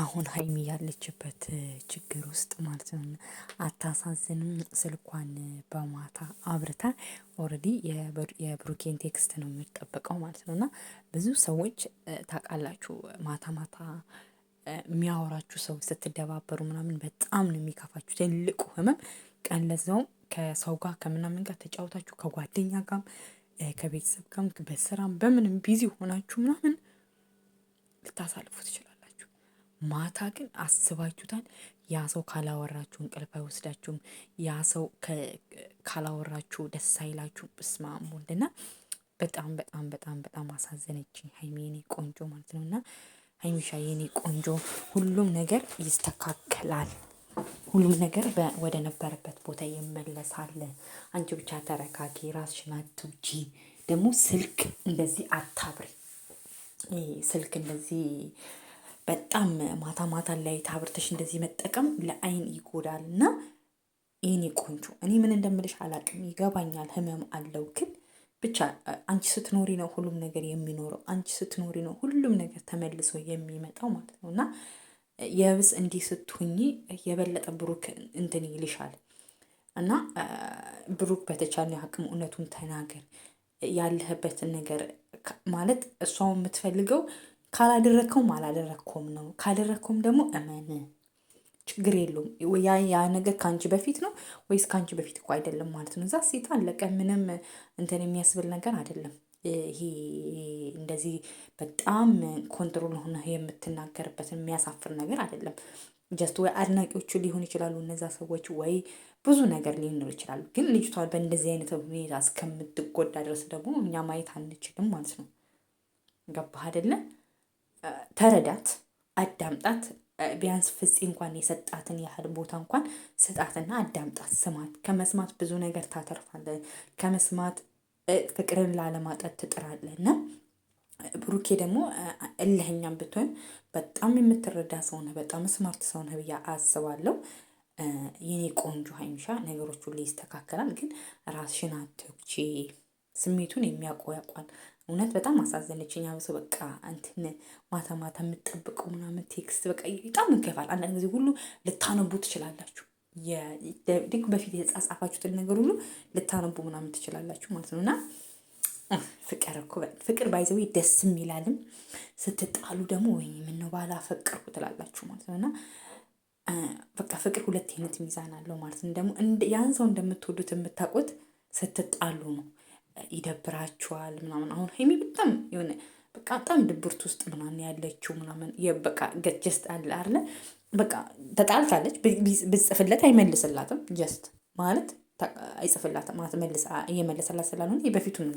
አሁን ሀይሚ ያለችበት ችግር ውስጥ ማለት ነው። አታሳዝንም? ስልኳን በማታ አብርታ ኦልሬዲ የብሩኬን ቴክስት ነው የሚጠበቀው ማለት ነው። እና ብዙ ሰዎች ታውቃላችሁ፣ ማታ ማታ የሚያወራችሁ ሰው ስትደባበሩ ምናምን በጣም ነው የሚከፋችሁ። ትልቁ ህመም ቀን ለዛውም ከሰው ጋር ከምናምን ጋር ተጫውታችሁ ከጓደኛ ጋም ከቤተሰብ ጋም በስራም በምንም ቢዚ ሆናችሁ ምናምን ልታሳልፉ ትችላል ማታ ግን አስባችሁታል። ያ ሰው ካላወራችሁ እንቅልፍ አይወስዳችሁም። ያ ሰው ካላወራችሁ ደስ አይላችሁ። ብስማ ወልድና በጣም በጣም በጣም በጣም አሳዘነች ሀይሚ የኔ ቆንጆ ማለት ነው። እና ሀይሚሻ የኔ ቆንጆ ሁሉም ነገር ይስተካከላል። ሁሉም ነገር ወደ ነበረበት ቦታ ይመለሳል። አንቺ ብቻ ተረጋጊ፣ ራስሽን አትውጂ። ደግሞ ስልክ እንደዚህ አታብሪ። ስልክ እንደዚህ በጣም ማታ ማታ ላይ ታብርተሽ እንደዚህ መጠቀም ለአይን ይጎዳል እና ይህኔ ቆንጆ እኔ ምን እንደምልሽ አላቅም። ይገባኛል፣ ህመም አለው ግን ብቻ አንቺ ስትኖሪ ነው ሁሉም ነገር የሚኖረው። አንቺ ስትኖሪ ነው ሁሉም ነገር ተመልሶ የሚመጣው ማለት ነው እና የብስ እንዲህ ስትሁኝ የበለጠ ብሩክ እንትን ይልሻል እና ብሩክ በተቻለ አቅም እውነቱን ተናገር ያለህበትን ነገር ማለት እሷ የምትፈልገው ካላደረግከውም አላደረግከውም ነው። ካደረግከውም ደግሞ እመን፣ ችግር የለውም። ያ ነገር ከአንቺ በፊት ነው ወይስ ከአንቺ በፊት እኮ አይደለም ማለት ነው። እዛ ሴት አለቀ። ምንም እንትን የሚያስብል ነገር አይደለም። ይሄ እንደዚህ በጣም ኮንትሮል ሆነ የምትናገርበት የሚያሳፍር ነገር አይደለም። ጀስት ወይ አድናቂዎቹ ሊሆን ይችላሉ እነዛ ሰዎች፣ ወይ ብዙ ነገር ሊኖር ይችላሉ። ግን ልጅቷ በእንደዚህ አይነት ሁኔታ እስከምትጎዳ ድረስ ደግሞ እኛ ማየት አንችልም ማለት ነው። ገባህ አይደለም? ተረዳት፣ አዳምጣት። ቢያንስ ፍፄ እንኳን የሰጣትን ያህል ቦታ እንኳን ስጣትና አዳምጣት፣ ስማት። ከመስማት ብዙ ነገር ታተርፋለህ። ከመስማት ፍቅርን ላለማጠት ትጥራለህ እና ብሩኬ ደግሞ እልህኛም ብትሆን በጣም የምትረዳ ሰው ነህ፣ በጣም ስማርት ሰው ነህ ብዬ አስባለሁ። የኔ ቆንጆ ሀይሚሻ ነገሮች ሁሉ ይስተካከላል። ግን ራስሽን አትኩቺ። ስሜቱን የሚያቆያቋል። እውነት በጣም አሳዘነችኝ። አብሶ በቃ እንትን ማታ ማታ የምጠብቀው ምናምን ቴክስት በቃ በጣም ይገፋል። አንዳንድ ጊዜ ሁሉ ልታነቡ ትችላላችሁ። ልክ በፊት የተጻጻፋችሁትን ነገር ሁሉ ልታነቡ ምናምን ትችላላችሁ ማለት ነው እና ፍቅር እኮ ፍቅር ባይዘዊ ደስ የሚላልም ስትጣሉ ደግሞ ወይ ምነው ባላፈቀርኩ ትላላችሁ ማለት ነው እና በቃ ፍቅር ሁለት አይነት ሚዛን አለው ማለት ነው። ደግሞ ያን ሰው እንደምትወዱት የምታውቁት ስትጣሉ ነው። ይደብራቸዋል ምናምን። አሁን ሀይሚ በጣም የሆነ በቃ በጣም ድብርት ውስጥ ምናምን ያለችው ምናምን በቃ ገጀስት አለ አለ በቃ ተጣልታለች። ብጽፍለት አይመልስላትም ጀስት ማለት አይጽፍላትም ማለት እየመለሰላት ስላልሆነ በፊቱ